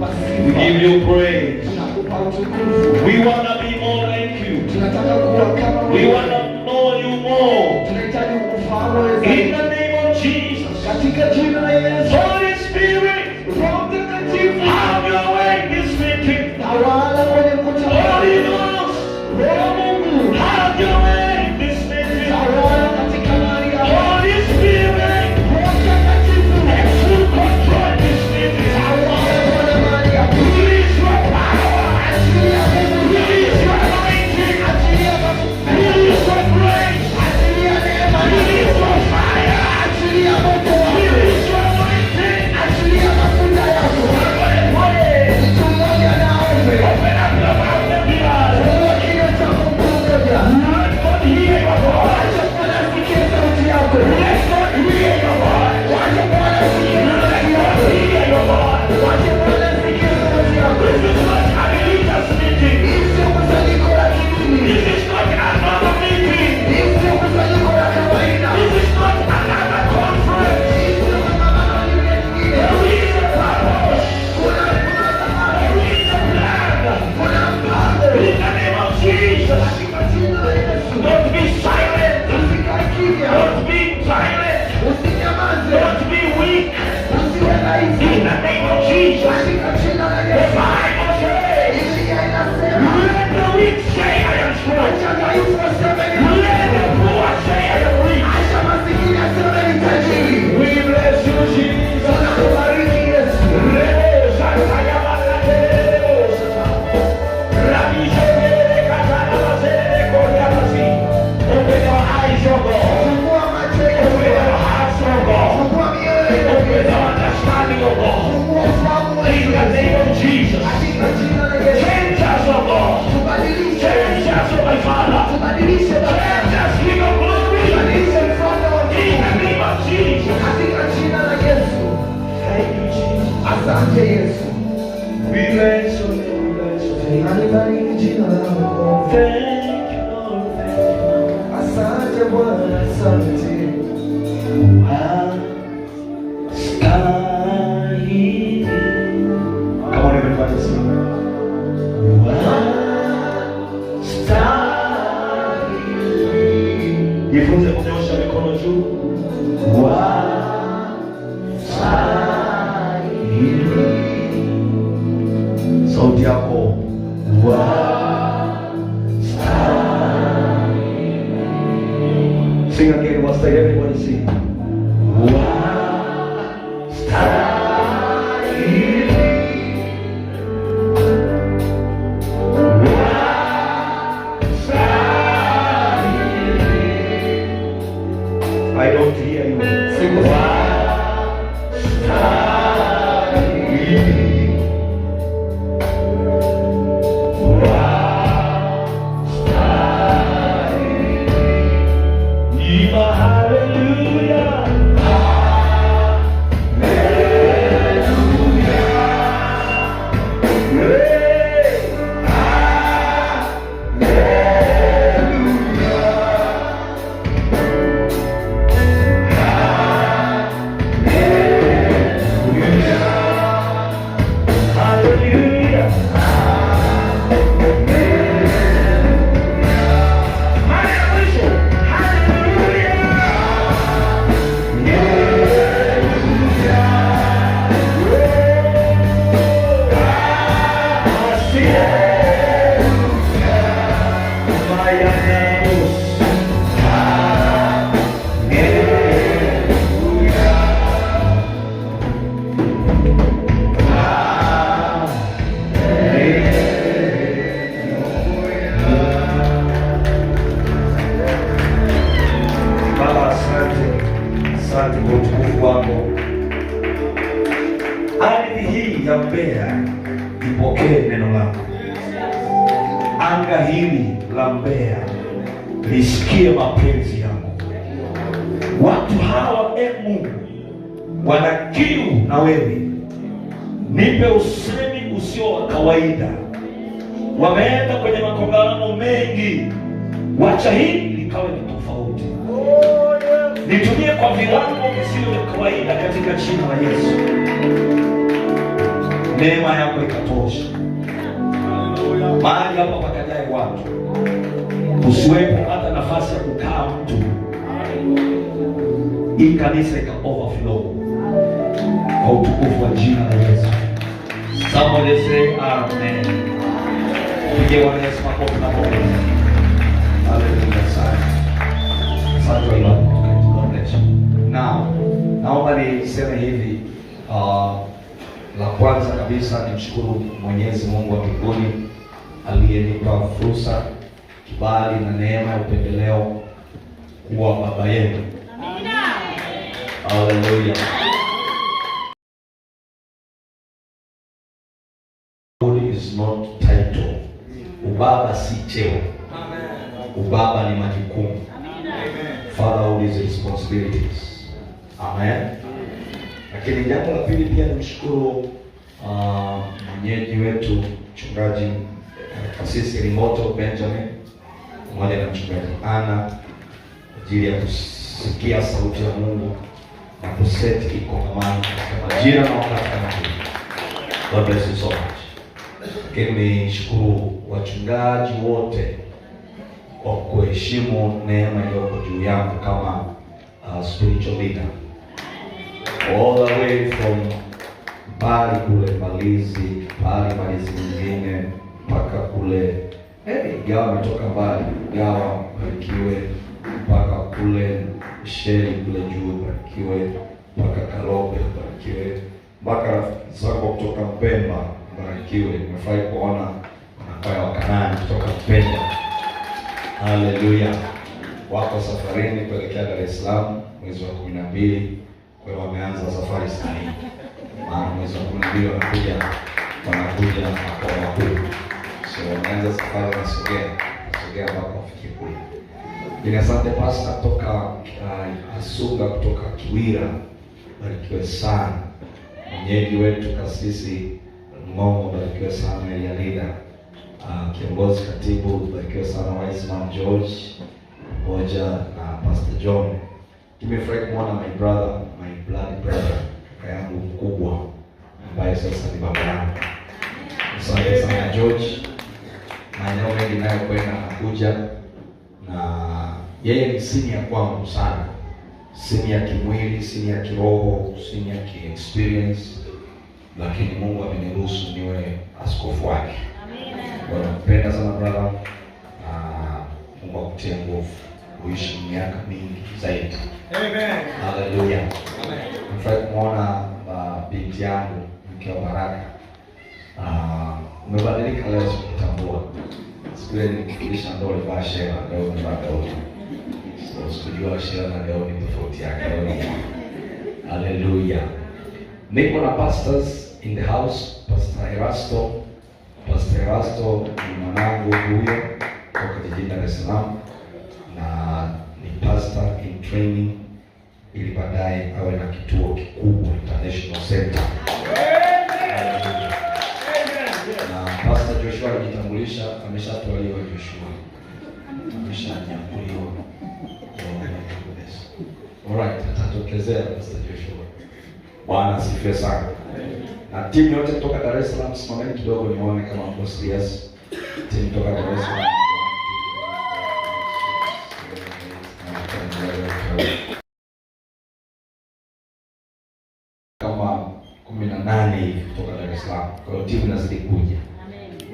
We give you praise. We want to be more like you. We want Asante Yesu. Vive sobre, vive sobre. Inani bariki jina lako. Sing again, what's the everybody sing? ninawaombea lisikie mapenzi yangu Watu hawa e Mungu wana kiu na wewe, nipe usemi usio wa kawaida. Wameenda kwenye makongamano mengi, wacha hili likawe ni tofauti. Nitumie kwa viwango visivyo vya kawaida katika jina la Yesu. Neema yako ikatosha mahali hapa pakajai watu kusiwepo hata nafasi ya kukaa mtu, ili kanisa ika overflow kwa utukufu wa jina la Yesu. Somebody say amen. Pige Bwana Yesu makofi na pongezi. Haleluya sana. Asante Bwana. God Now, naomba niseme hivi uh, la kwanza kabisa ni nimshukuru Mwenyezi Mungu wa mbinguni aliyenipa fursa bali na neema ya upendeleo kuwa baba yetu. Haleluya. Is not title. Ubaba si cheo. Ubaba ni majukumu. Fatherhood is responsibilities. Amen. Lakini jambo la pili pia nimshukuru uh, mwenyeji wetu mchungaji Kasisi uh, Limoto Benjamin pamoja na mchungaji Ana kwa ajili ya kusikia sauti ya Mungu na kuseti kikokomano katika majira na wakati kama huu. God bless you so much. Lakini shukuru wachungaji wote kwa kuheshimu neema iliyoko juu yangu kama uh, spiritual leader all the way from bali kule Mbalizi, bali Mbalizi nyingine mpaka kule hey, eh, Gawa ametoka mbali, gawa mbarikiwe mpaka kule Sheli kule juu, mbarikiwe mpaka Karobe, mbarikiwe mpaka rafiki zako kutoka Mpemba, mbarikiwe. Nimefurahi kuona wanafaya Wakanani kutoka Mpemba, haleluya. Wako safarini kuelekea Dar es Salaam mwezi wa kumi na mbili. Kwa hiyo wameanza safari sasa hivi, maana mwezi wa kumi na mbili wanakuja wanakuja makao makuu. Nimeanza safari na Sogea, Sogea ambapo nafikia kule. Ninasante pasta kutoka uh, Asunga kutoka Kiwira, barikiwe sana. Mwenyeji wetu kasisi Ng'ongo, barikiwe sana Elialida. Uh, kiongozi katibu, barikiwe sana Wiseman George moja na uh, Pastor John. Nimefurahi kumwona my brother, my blood brother, kaka yangu mkubwa ambaye sasa ni baba yangu. Asante sana George maeneo mengi nayokwenda nakuja na yeye ni sini ya kwangu sana, sini ya kimwili, sini ya kiroho, sini ya kiexperience, lakini Mungu ameniruhusu niwe askofu wake. Nampenda sana brada, na Mungu akutie nguvu kuishi miaka mingi zaidi. Amen. Haleluya. Amen. Mfai kumwona uh, binti yangu mke wa Baraka uh, Umebadilika leo sikutambua. Siku ile nilikufundisha ndio ulivaa shela, leo umevaa gauni. So sikujua shela na gauni tofauti yake. Haleluya. Niko na pastors in the house, Pastor Erasto. Pastor Erasto ni mwanangu huyo kutoka jijini Dar es Salaam na ni pastor in training ili baadaye awe na kituo kikubwa international center. amesha ameshatwaliwa Joshua, ameshanyakuliwa. Alright, atatokezea Pastor Joshua. Bwana asifiwe sana. Na timu yote kutoka Dar es Salaam, simameni kidogo nione kama mko serious. Timu kutoka Dar es Salaam. kama kumi na nane hivi kutoka Dar es Salaam. Kwa hiyo timu inazidi kuja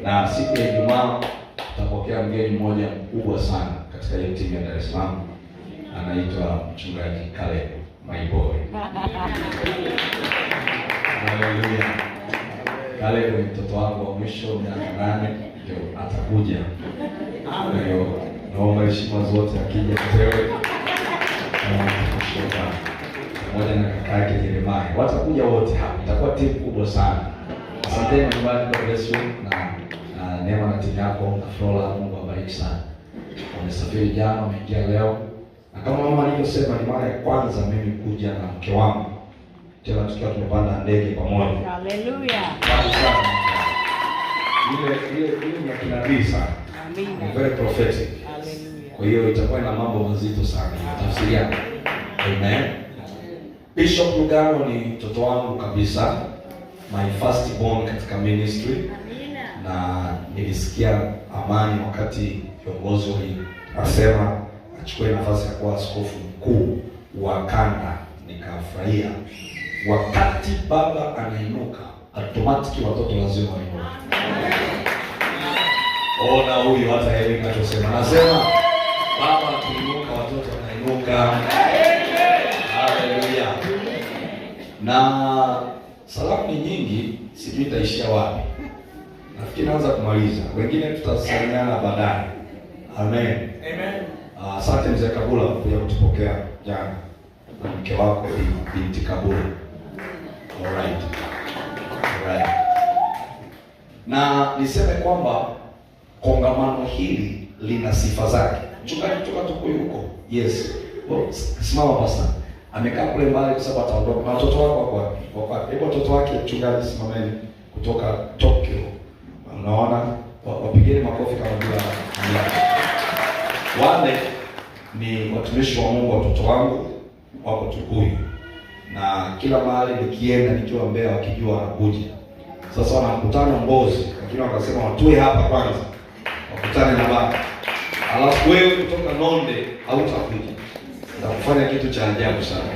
na siku ya Ijumaa tutapokea mgeni mmoja mkubwa sana katika ile timu ya Dar es Salaam, anaitwa mchungaji Caleb Maiboy. Haleluya! Caleb ni mtoto wangu wa mwisho, miaka nane ndio atakuja. Kwa hiyo naomba heshima zote, akija mtewe pamoja na kaka yake watakuja wote hapa, itakuwa timu kubwa sana. Asanteni nyumbani, God bless you na neema na timu yako na Flora, Mungu awabariki sana. Wamesafiri jana, wameingia leo, na kama mama alivyosema, ni mara ya kwanza mimi kuja na mke wangu tena tukiwa tumepanda ndege pamoja. Haleluya! ile ile ile ni ya kinabii sana, amina, very prophetic. Haleluya! Kwa hiyo itakuwa na mambo mazito sana Tafsiria. Amen. Bishop Lugano ni mtoto wangu kabisa, my first born katika ministry. Amen na nilisikia amani wakati viongozi walinasema achukue nafasi ya kuwa askofu mkuu wa kanda, nikafurahia. Wakati baba anainuka, automatiki watoto lazima wainuka. Ona huyu hata yeye anachosema, nasema baba akiinuka, watoto wanainuka. Haleluya! na salamu ni nyingi, sijui itaishia wapi nafikiri naanza kumaliza, wengine tutasalimiana baadaye. Amen, amen. Ah, asante mzee Kabula kwa kuja kutupokea jana na mke wako binti Kabula. All right. All right. Na niseme kwamba kongamano hili lina sifa zake. Mchungaji kutoka Tukuyu huko, yes, simama basa, amekaa kule mbali kwa sababu ataondoka. Watoto wako wako wapi? Hebu watoto wake, mchungaji, simameni kutoka Tokyo Unaona, wapigeni makofi kama bila wale ni watumishi wa Mungu, watoto wangu wako Tukuyu, na kila mahali nikienda, nikiwa Mbeya, wakijua wanakuja. Sasa wana mkutano Mbozi, lakini wakasema watue hapa kwanza, wakutane na baba, alafu wewe kutoka Nonde hautakuja, kufanya kitu cha ajabu sana.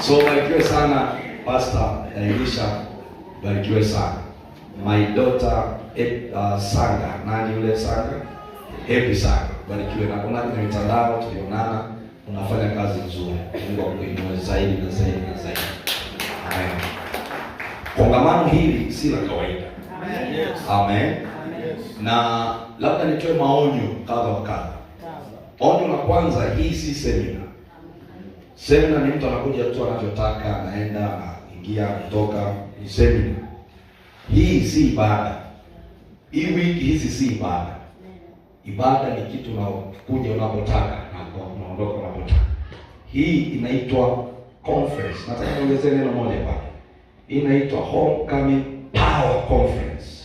So barikiwe sana Pastor Elisha, barikiwe sana my daughter eh, uh, Sanga, nani yule Sanga? Happy Sanga, barikiwe na kuna kwenye mitandao tulionana, unafanya kazi nzuri, Mungu akuinue zaidi na zaidi na zaidi. Amen. Kongamano hili si la kawaida. Amen. Yes. Amen. Na labda nitoe maonyo kadha wa kadha. Onyo la kwanza, hii si semina. Semina ni mtu anakuja tu anavyotaka, anaenda, anaingia, anatoka. Ni semina hii si ibada. Hii wiki hizi si ibada. Ibada ni kitu unaokuja unapotaka na unaondoka unapotaka. Hii inaitwa conference. Nataka niongezee neno moja hapa. Inaitwa homecoming power conference.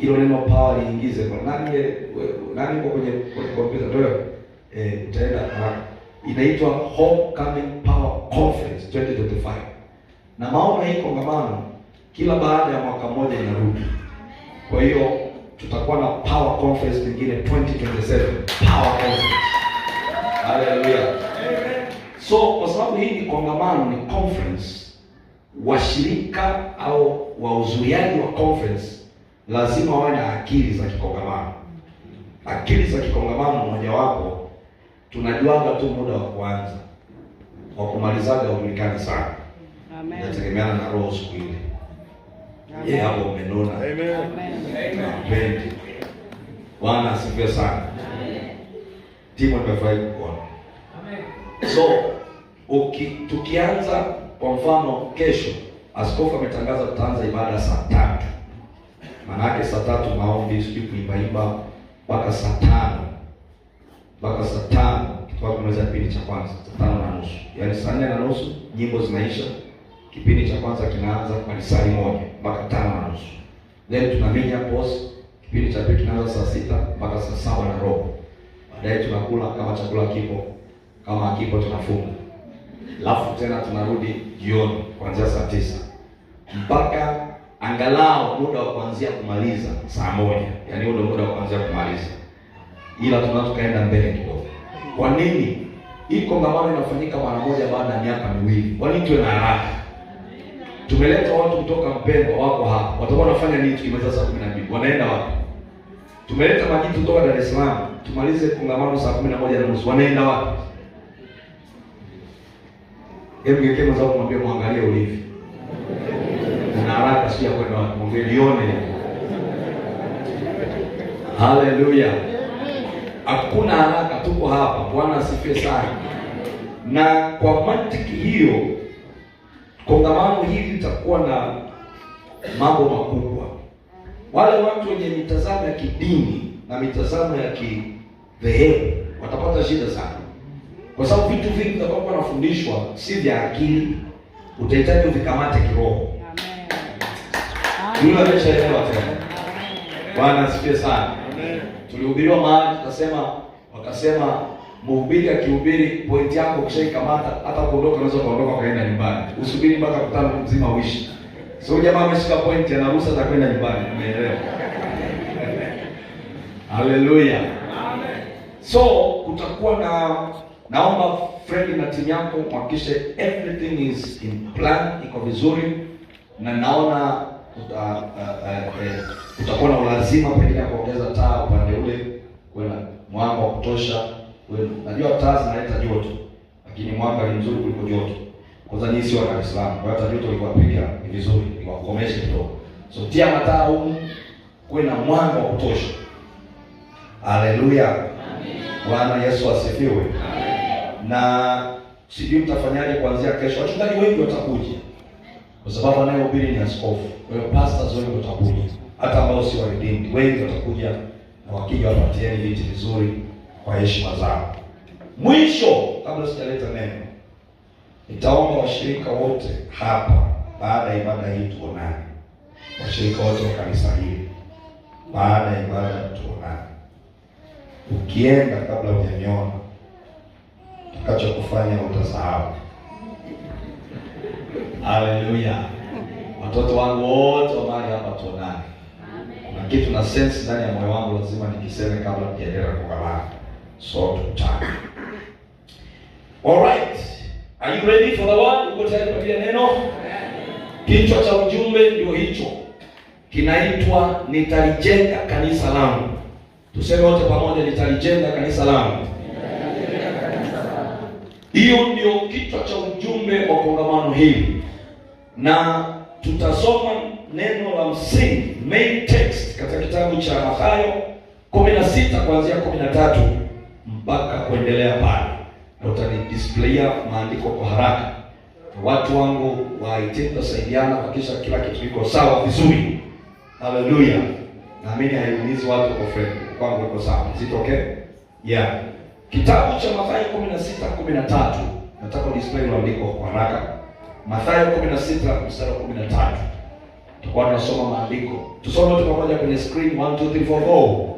Hilo neno power liingize kwa nani? Eh, nani kwa kwenye kwenye kompyuta ndio eh, utaenda haraka. Inaitwa homecoming power conference 2025. Na maana hii kongamano kila baada ya mwaka mmoja inarudi. Kwa hiyo tutakuwa na power conference nyingine 2027 power conference. Haleluya! So kwa sababu hii ni kongamano, ni conference, washirika au wahudhuriaji wa conference lazima wawe na akili za kikongamano. Akili za kikongamano wapo tunajuaga tu muda wa kuanza, wa kumalizaga ujulikani sana, inategemeana na roho siku ile Je, hapo umenona? Amen. Amen. Bwana asifiwe sana. Amen. Timu imefurahi kuona. Amen. So, uki, tukianza kwa mfano kesho askofu ametangaza tutaanza ibada saa tatu. Maana yake saa tatu maombi, sijui kuimba imba mpaka saa tano. Mpaka saa tano kwa kumaliza kipindi cha kwanza saa tano na nusu. Yaani saa nne na nusu nyimbo zinaisha. Kipindi cha kwanza kinaanza kwa saa moja mpaka tano na nusu, then kipindi cha pili tunaanza saa sita mpaka saa saba na robo. Baadaye tunakula kama chakula kipo, kama tunafunga, alafu tena tunarudi jioni kuanzia saa tisa mpaka angalau muda wa kuanzia kumaliza saa moja, yaani muda wa kuanzia kumaliza, ila tukaenda mbele kidogo. Kwa nini hii kongamano inafanyika mara moja baada ya miaka miwili? Kwa nini tuwe na haraka? Tumeleta watu kutoka Mpemba wako hapa. Watakuwa wanafanya nini kwa saa 12? Wanaenda wapi? Tumeleta majitu kutoka Dar es Salaam. Tumalize kongamano saa 11 na nusu. Wanaenda wapi? Hebu yeye kama kumwambia muangalie ulivi. Na haraka sio kwenda wapi. Mwambie lione. Haleluya. Hakuna haraka, tuko hapa. Bwana asifiwe sana. Na kwa mantiki hiyo kongamano hili litakuwa na mambo makubwa. Wale watu wenye mitazamo ya kidini na mitazamo ya kidhehebu watapata shida sana, kwa sababu vitu vingi vitakuwa nafundishwa si vya akili, utahitaji uvikamate kiroho. Yule ameshaelewa tena. Bwana asifiwe sana. Tulihubiriwa mahali tukasema, wakasema Mhubiri akihubiri point yako ukishaikamata, hata kuondoka unaweza kuondoka kaenda nyumbani. Usubiri mpaka mkutano mzima uishi. So jamaa ameshika point ana ruhusa za kwenda nyumbani, umeelewa? Haleluya. Amen. So kutakuwa na naomba friend na timu yako kuhakikisha everything is in plan, iko vizuri na naona uta, uh, uh, uh, eh, utakuwa na ulazima pengine ya kuongeza taa upande ule, kuna mwanga wa kutosha wenu. Najua taa zinaleta joto, lakini mwanga ni mzuri kuliko joto. Kwanza nyinyi sio Dar es Salaam, kwa hata joto likuwapiga ni vizuri, liwakomeshe kidogo. So tia mataa humu, kuwe na mwanga wa kutosha. Haleluya, Bwana Yesu asifiwe. Amen. Na sijui mtafanyaje kuanzia kesho, wachungaji wengi watakuja kwa sababu anayehubiri ni askofu. Kwa hiyo pastors wengi watakuja, hata ambao si wa redeemed wengi watakuja, na wakija wapatieni viti vizuri kwa heshima zao. Mwisho, kabla sijaleta neno, nitaomba washirika wote hapa, baada ya ibada hii tuonane, washirika wote wa kanisa hili, baada ya ibada tuonane. Ukienda kabla hujaniona, utakachokufanya utasahau. Haleluya! Watoto wangu wote wa mahali hapa tuonane. Kuna kitu na sense ndani ya moyo wangu lazima nikiseme kabla piajera kukalaa time. All right. are you ready for the word? Uko tayari kwa kile neno? Kichwa cha ujumbe ndio hicho, kinaitwa nitalijenga kanisa langu. Tuseme wote pamoja, nitalijenga kanisa langu. Hiyo ndio kichwa cha ujumbe wa kongamano hili, na tutasoma neno la msingi, main text, katika kitabu cha Mathayo 16 kuanzia 13 mpaka kuendelea pale, na utanidisplaya maandiko kwa haraka. Watu wangu waite, tutasaidiana kuhakikisha kila kitu kiko sawa vizuri. Haleluya, naamini haiumizi watu kwa friend kwangu iko sawa, sitoke okay? yeah Kitabu cha Mathayo 16:13 nataka display maandiko kwa haraka. Mathayo 16 mstari 13, tutakuwa tunasoma maandiko, tusome tu pamoja kwenye screen 1 2 3 4 go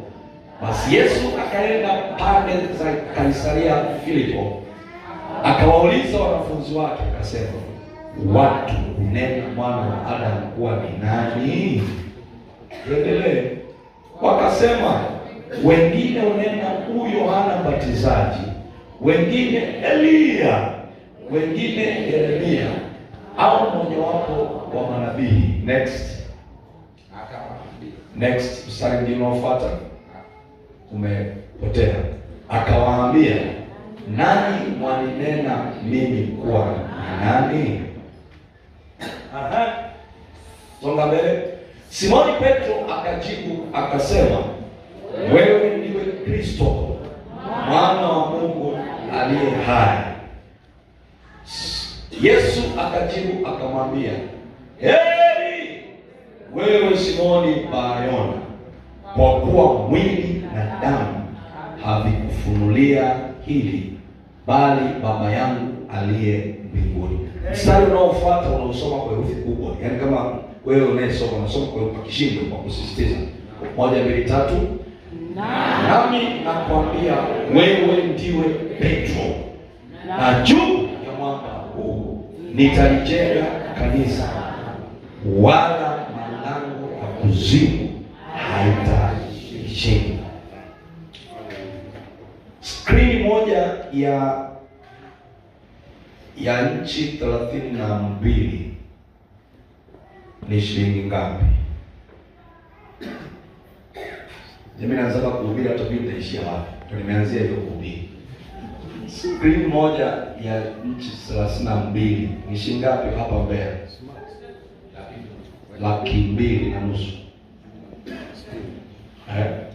basi Yesu akaenda pande za Kaisaria Filipo, akawauliza wanafunzi wake, akasema, watu hunena mwana wa Adamu kuwa ni nani? Endelee. Wakasema, wengine unena huyo Yohana Mbatizaji, wengine Eliya, wengine Yeremia au mmojawapo wa manabii. Next, next, mstari ndio unaofuata umepotea. Akawaambia, nani mwaninena mimi kuwa nani? Aha, songa mbele. Simoni Petro akajibu akasema, wewe ndiwe Kristo mwana wa Mungu aliye hai. Yesu akajibu akamwambia, heri wewe Simoni Bayona, kwa kuwa mwili wanadamu havikufunulia hili, bali Baba yangu aliye mbinguni. Mstari unaofuata unaosoma kwa herufi kubwa, yaani kama wewe unayesoma unasoma kwa herufi kishindo, kwa kusisitiza: moja, mbili, tatu, nami nakwambia wewe ndiwe Petro, na juu ya mwamba huu nitalijenga kanisa, wala malango ya kuzimu ya ya nchi thelathini na mbili ni shilingi ngapi? Mimi naanza kuhubiri hata mimi nitaishia wapi? Ndio nimeanzia kuhubiri. Screen moja ya nchi thelathini na mbili ni shilingi ngapi hapa mbele? Laki mbili na nusu. Eh?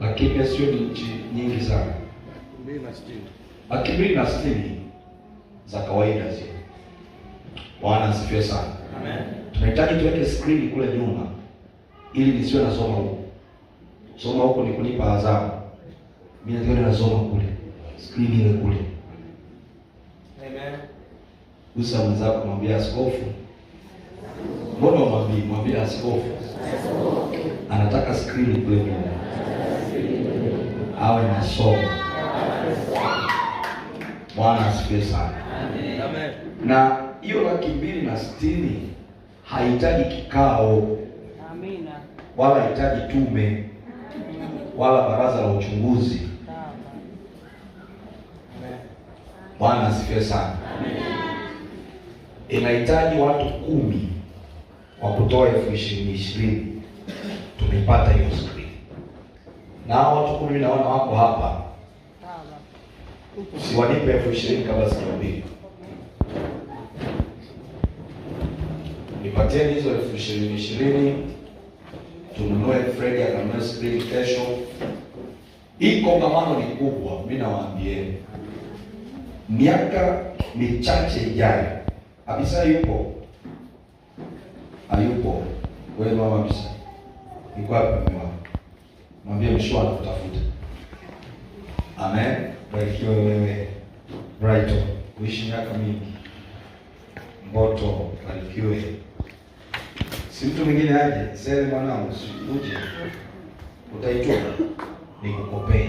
lakini sio nchi nyingi sana, laki na sitini za kawaida zile. Bwana asifiwe sana. Amen. Tunahitaji tuweke screen kule nyuma ili nisiwe nasoma huko. Soma huko ni kunipa adhabu. Mimi ndio nasoma kule, Screen ile kule. Amen. Usa mwenzako mwambie askofu. Mbona mwambie mwambie askofu? Anataka screen kule nyuma awe na somo. Bwana asifiwe sana. Na hiyo laki mbili na sitini haihitaji kikao wala hahitaji tume wala baraza la uchunguzi. Bwana asifiwe sana. Inahitaji watu kumi wa kutoa elfu ishirini ishirini. Tumepata hiyo na hao watu kumi na wana wako hapa, usiwalipe elfu ishirini kabla sijahubiri. Nipateni hizo elfu ishirini ishirini tununue Fredi akanunue spring kesho. Hii kongamano ni kubwa, mi nawaambieni, miaka michache ijayo. Abisa yupo ayupo Wewe mama Abisa, niko mama? mwambie Mshua anakutafuta. Amen. Barikiwe wewe uh, Brighton, kuishi miaka mingi. Mboto, barikiwe. Si mtu mwingine aje, sema mwanangu, uje utaitwa nikukopee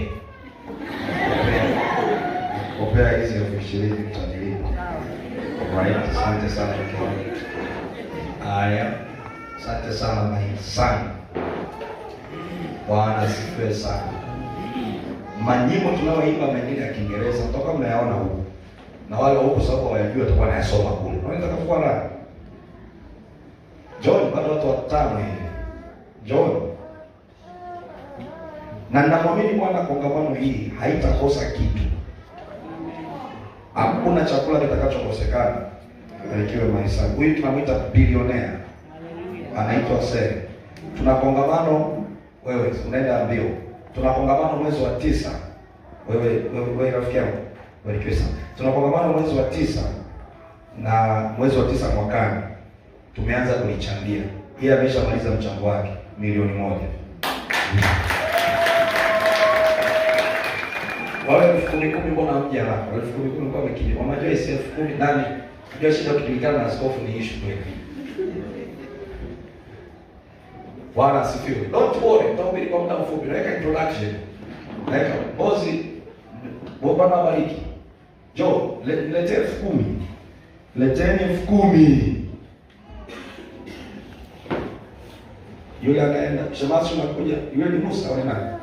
kopea hizi elfu ishirini mtanilipa. Right, asante sana mke. Haya, asante sana na hisani Bwana asifiwe sana. Manyimbo tunayoimba mengine ya Kiingereza toka mnayaona huko, na wale huko sababu hawajui watakuwa wanayasoma kule, wanaweza kafua la John, bado watu watano hivi John, na namwamini Bwana kongamano hii haitakosa kitu. Hakuna chakula kitakachokosekana. Barikiwe maisha. Huyu tunamwita bilionea, anaitwa Sele. Tuna kongamano wewe unaenda mbio. Tuna kongamano mwezi wa tisa. Wewe wewe, wewe rafiki yangu wewe Kwesa, tuna kongamano mwezi wa tisa na mwezi wa tisa mwakani tumeanza kuichangia. Yeye ameshamaliza mchango wake milioni moja wale elfu kumi kumi, mbona hamja hapa? Elfu kumi kumi kwa wiki, wanajua elfu kumi nani? Ndio shida kujulikana na askofu ni issue kweli. Bwana asifiwe. Don't worry, nitahubiri kwa muda mfupi. Naweka introduction. Naweka Mozi Bwana abariki. Jo, leteni elfu kumi. Leteni elfu kumi. Yule anaenda shemasi unakuja. Yule ni Musa wewe nani?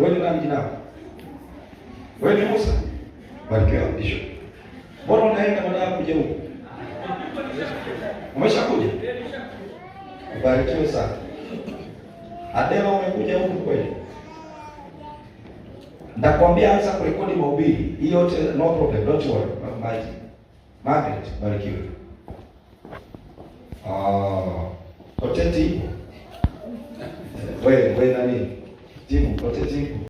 Wewe ni nani jina? Wewe ni Musa. Barikiwa bishop. Bora unaenda maana kuja huko. Umeshakuja? Barikiwa sana. Adema umekuja huku kweli? Ndakwambia anza kurekodi mahubiri. Hiyo yote no problem, don't you worry. Margaret, Margaret barikiwe. Ah, koteti Wewe wewe nani? Timu koteti